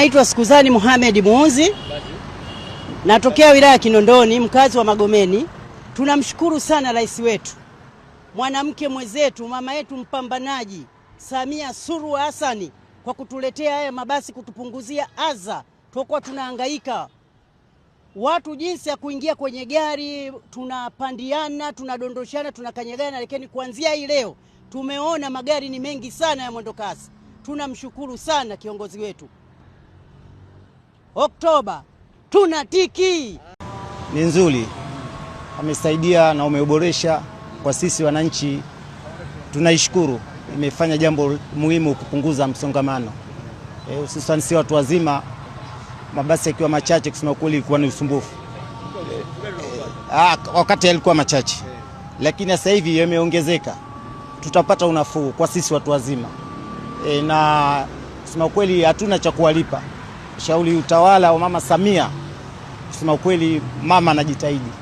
Naitwa Sikuzani Mohamed Muunzi, natokea wilaya ya Kinondoni, mkazi wa Magomeni. Tunamshukuru sana rais wetu, mwanamke mwenzetu, mama yetu mpambanaji Samia Suluhu Hassan kwa kutuletea haya mabasi, kutupunguzia adha. Tulikuwa tunahangaika watu jinsi ya kuingia kwenye gari, tunapandiana, tunadondoshana, tunakanyagana, lakini kuanzia hii leo tumeona magari ni mengi sana ya mwendokasi. Tunamshukuru sana kiongozi wetu. Oktoba tuna tiki ni nzuri, amesaidia na umeboresha kwa sisi wananchi, tunaishukuru. Imefanya jambo muhimu kupunguza msongamano e, hususan e, si watu wazima, mabasi yakiwa machache, kusema kweli ilikuwa ni usumbufu e, e ah, wakati yalikuwa machache, lakini sasa hivi yameongezeka, tutapata unafuu kwa sisi watu wazima e, na kusema kweli hatuna cha kuwalipa shauri utawala wa Mama Samia, kusema ukweli, mama anajitahidi.